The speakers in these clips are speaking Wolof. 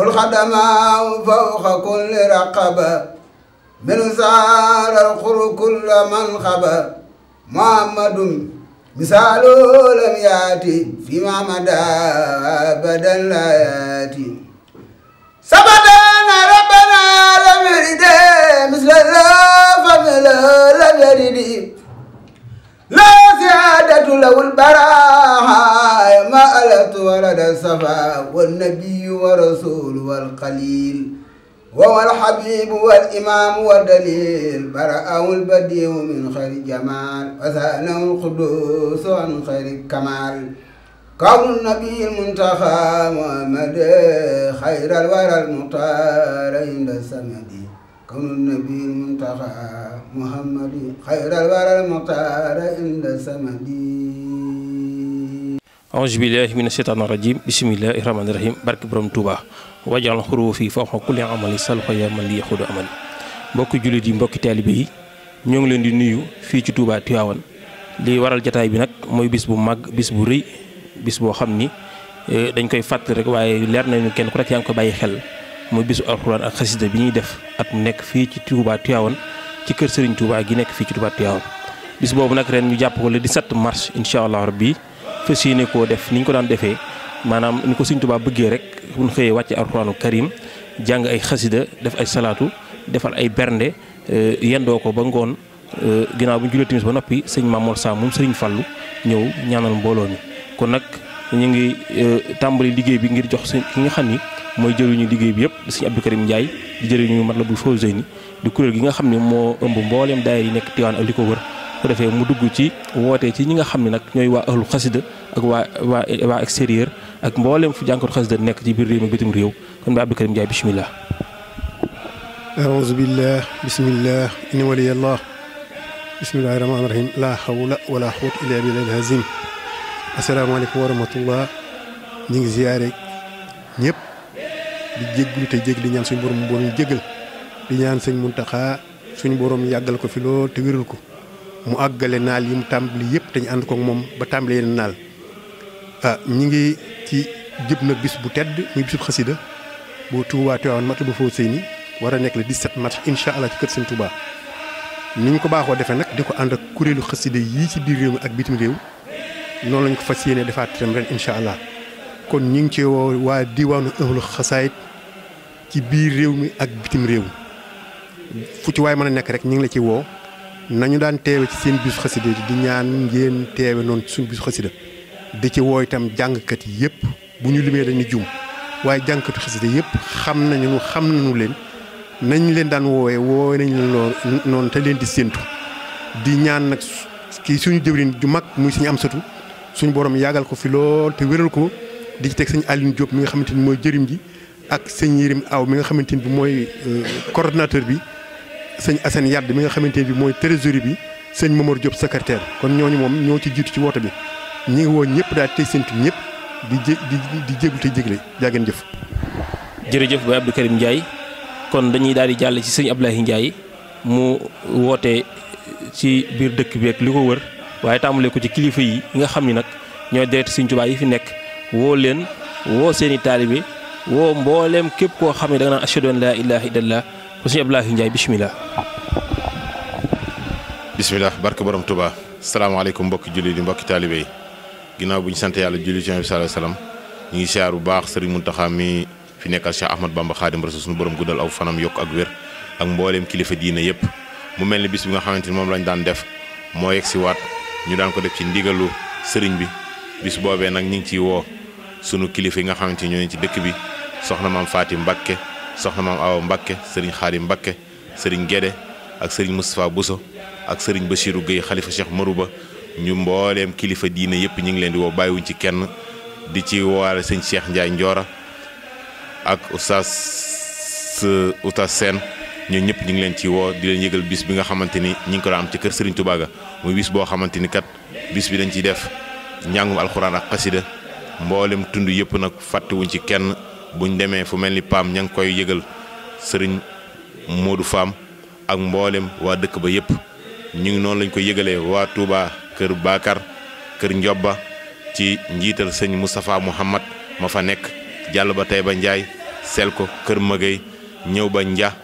الخدماء فوق كل رقبة من زار الخر كل من منخبة محمد مثال لم يأتي فيما مدى أبدا لا يأتي سبدا رب المصطفى والنبي ورسول والقليل وهو الحبيب والإمام والدليل برأه البديع من خير جمال وثأنه القدوس عن خير كمال قول النبي المنتخى محمد خير الورى المطار عند السمد قول النبي المنتخى محمد خير الورى المطار عند السمد auzu billahi mina sheytaani rajim bismillahi rahmaani rahim barki borom Touba wajal xuroo fii fawqa kulli amali salxo ya man li yaxudu amali mbokki jullit yi mbokki taalibe yi ñoo ngi leen di nuyu fii ci Touba Tivaouane li waral jataay bi nag mooy bis bu mag bis bu rëy bis boo xam ni eh, dañ koy fàttali rek waaye leer nañu kenn ku rek yaa ngi ko bàyyi xel mooy bisu alxuraan ak xasida bi ñuy def at mu nekk fii ci Touba Tivaouane ci kër Serigne Touba gi nekk fii ci Touba Tivaouane bis boobu fas ne koo def ni ñu ko daan defee maanaam ni ko Sëñ Tuubaa bëggee rek bu ñu xëyee wàcce alxuraanu karim jàng ay xasida def ay salaatu defal ay bernde eh, yendoo ko ba ngoon eh, ginnaaw bu ñu julee timis ba noppi sëñ Mamoor Sam moom sëriñ Fallu ñëw ñaanal mbooloo mi kon nag ñu ngi eh, tàmbali liggéey bi ngir jox sëñ ki nga xam ni mooy jëriñu liggéey bi yëpp di sëñ Abdou Karim Ndiaye di jëriñu Matlabul Fawzayni di kuréel gi nga xam ne moo ëmb mbooleem daayira yi nekk Tiwaawan ak li ko wër bu defee mu dugg ci wootee ci ñi nga xam ne nag ñooy waa ahlu xasida ak waa waa waa extérieur ak mboolem fu jànkatu nekk ci biir réew bitim réew kon ba Abdou Karim Ndiaye bisimilah aousubillah bisimillah ini waliyallah bismillahi rahmaani rahim laa hawla wala quwwata illa billahil azim asalaamaaleykum wa rahmatullah ñu ngi ziyaare ñëpp di jégglu te jég di ñaan suñu borom borom jégal di ñaan sëñ Muntaxa suñu borom yàggal ko fi lool te wérul ko mu àggale naal yi mu tàmbali yëpp dañu ñu ànd koog moom ba tàmbali yeneen naal ah ñu ngi ci jub na bis bu tedd muy bisub xasida bu Touba Tivaouane Matlabul Fawzayni war a nekk di 17 mars incha allah ci kër Sëñ Touba. ni ñu ko baaxoo defee nag di ko ànd ak kuréelu xasida yii ci biir réew mi ak bitim réew noonu lañ ko fas yéene defaat itam ren incha allah kon ñu ngi ci woo waa diwaanu ëhlu xasaayit ci biir réew mi ak bitim réew fu ci waay mën a nekk rek ñu ngi la ci woo. nañu daan teewe ci seen bis xasida di ñaan ngeen teewe noonu ci suñu bis xasida di ci woo itam jàngkat yi yëpp bu ñu limee dañuy jum waaye jàngkatu xasida yëpp xam nañu xam nañu leen nañ leen daan woowe woowe nañ leen loo noonu te leen di séentu di ñaan nag kii suñu jëwriñ ju mag muy suñu am satu suñu borom yàggal ko fi lool te wéral ko di ci teg sëñ Aline Diop mi nga xamante ni mooy jërim ji ak sëñ Yérim Aw mi nga xamante ni bi mooy euh, coordonnateur bi sëñ Assane Yadd mi nga xamante ne bi mooy trésorier bi sëñ Momar Diop secrétaire kon ñooñu moom ñoo ci jiitu ci woote bi ñi ngi woo ñëpp daal tey séntu ñëpp di di jéglu te jégle jaa ngeen jëf. jërëjëf Baye Abdou Karim Ndiaye kon dañuy daal di jàll ci sëñ Abdoulaye Ndiaye mu woote ci biir dëkk bi ak li ko wër waaye tàmbalee ko ci kilifa yi nga xam ni nag ñoo dereet sëñ Tuubaa yi fi nekk woo leen woo seeni taalibe woo mbooleem képp koo xam ne da nga naan ashhadu an laa sëñ Abdoulaye Ndiaye bisimilah. bisimilah barke borom Touba salaamaaleykum mbokki julli di mbokki taalibe yi ginnaaw bu ñu sant yàlla julli ci nabi sallallahu alayhi ñu ngi siyaar bu baax sëriñ Mountakha mii fi nekkal Cheikh Ahmad Bamba Xaadim Rasul suñu borom guddal aw fanam yokk ak wér ak mbooleem kilifa diina yëpp mu mel ni bis bi nga xamante ni moom lañ daan def moo yegg si waat ñu daan ko def ci ndigalu sëriñ bi bis boobee nag ñu ngi ciy woo sunu kilifa yi nga xamante ni ñoo ci dëkk bi soxna maam Faati soxna maam Awa Mbakke sëriñ Xaadim Mbakke sëriñ Guédé ak sëriñ Moustapha Bousso ak sëriñ Bachirou Guèye xalifa Cheikh Marouba ñu mbooleem kilifa diine yëpp ñu ngi leen di woo bàyyiwuñ ci kenn di ci waale sëñ Cheikh Ndiaye Ndiora ak oustaz oustaz Sène ñoo ñëpp ñu ngi leen ci woo di leen yëgal bis bi nga xamante ni ñi ngi ko daan am ci kër sëriñ Touba ga muy bis boo xamante ni kat bis bi dañ ciy def njàngum alxuraan ak xasida mboolem tund yëpp nag fàttewuñ ci kenn buñ demee fu mel ni PAM ña ngi koy yëgal sëriñ Modou Fam ak mboolem waa dëkk ba yépp ñu ngi noonu lañ ko yëgalee waa Touba kër baakar kër Njobba ci njiital sëñ Moustapha Mouhamad ma fa nekk jàll ba tey ba Ndiaye seel ko kër Magay ñëw ba Ndia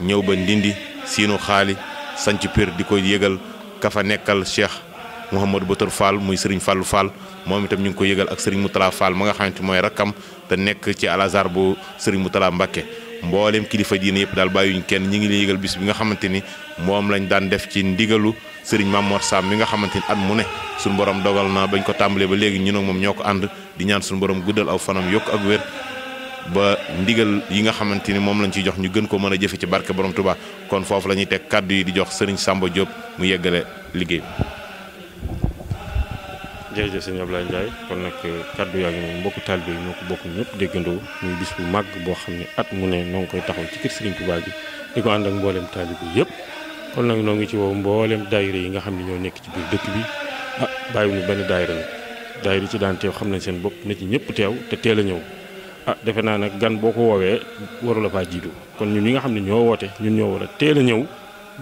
ñëw ba Ndindi siinu xaali sanc pir di ko yëgal ka fa nekkal Cheikh Mouhamadou Bator Fall muy Serigne Fallou Fall moom itam ñu ngi ko yëgal ak Serigne Moutala Fall ma nga xamante mooy rakkam te nekk ci alazar bu mu Moutala Mbacke mbooleem kilifa diine yëpp daal bàyyuñ kenn ñi ngi leen yëgal bis bi nga xamante ni moom lañ daan def ci ndigalu Serigne Mamor Sam mi nga xamante ni at mu ne suñu borom dogal na bañ ko tàmbalee ba léegi ñu ak moom ñoo ko ànd di ñaan suñu borom guddal aw fanam yokk ak wér ba ndigal yi nga xamante ni moom lañ ciy jox ñu gën ko mën a jëfe ci barke borom Touba kon foofu la teg kàddu yi di jox Serigne Samba Diop mu yeggale liggéey jërëjëf sëñ Ablaye Ndiaye kon nag euh, kaddu yaa ngi noonu mbokku taalibe yi ñoo ko bokk ñëpp déggandoo muy bis bu màgg boo xam ne at mu ne noo ngi koy taxaw ci kër Sëriñ Tuubaa gi di ko ànd ak mbooleem taalibe yëpp kon nag noo ngi ci wow mbooleem daayira yi nga xam ne ñoo nekk ci biir dëkk bi ah bàyyiwuñu benn daayira la daayira ci daan teew xam nañ seen bopp na ci ñëpp teew te teel a ñëw ah defe naa nag gan boo ko woowee waru la faa jiitu kon ñun ñi nga xam ne ñoo woote ñun ñoo war teel a ñëw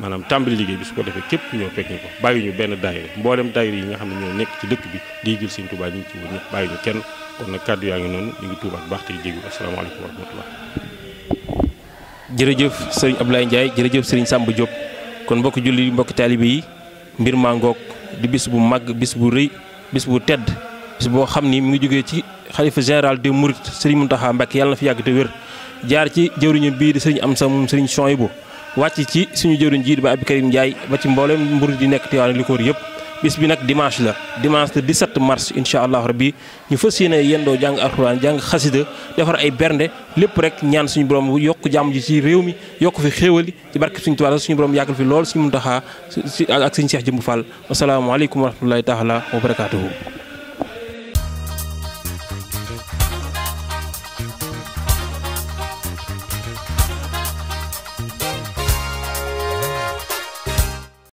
maanaam tàmbali liggéey bi su ko defee képp ñoo fekk ñu ko bàyyi ñu benn daayira mboolem daayira yi nga xam ne ñoo nekk ci dëkk bi liggéeyal Sëñ Tuubaa ñu ngi ci wër ñëpp ngi noonu ñu ngi tuubaat baax tey jéegul asalaamaaleykum wa rahmatullah jërëjëf sëriñ Abdoulaye Ndiaye jërëjëf sëriñ Samba Diop kon mbokki julli mbokki taalibe yi mbir maa ngoog di bis bu màgg bis bu rëy bis bu tedd bis boo xam ni mu ngi jógee ci xalifa général des Mourides sëriñ Mountakha Mbacké yàlla na fi yàgg te wér jaar ci jëwriñu bii di sëriñ Amsa moom sëriñ Chouaïbou wàcc ci suñu jëru jiit ba Abdou Karim Ndiaye ba ci mbooleem mburu di nekk Tiwaawan li ko wër yëpp bis bi nag dimanche la dimanche le 17 mars incha allah rabbi ñu fas yéene yendoo jàng alxuraan jàng xasida defar ay bernde lépp rek ñaan suñu borom yokk jàmm ji ci réew mi yokk fi xéewali ci barke suñu Tuubaa suñu borom yàggal fi lool suñu Muntaxaa ak suñu Seex Jëmb Fall asalaamaaleykum wa rahmatulahi taala wa barakaatuhu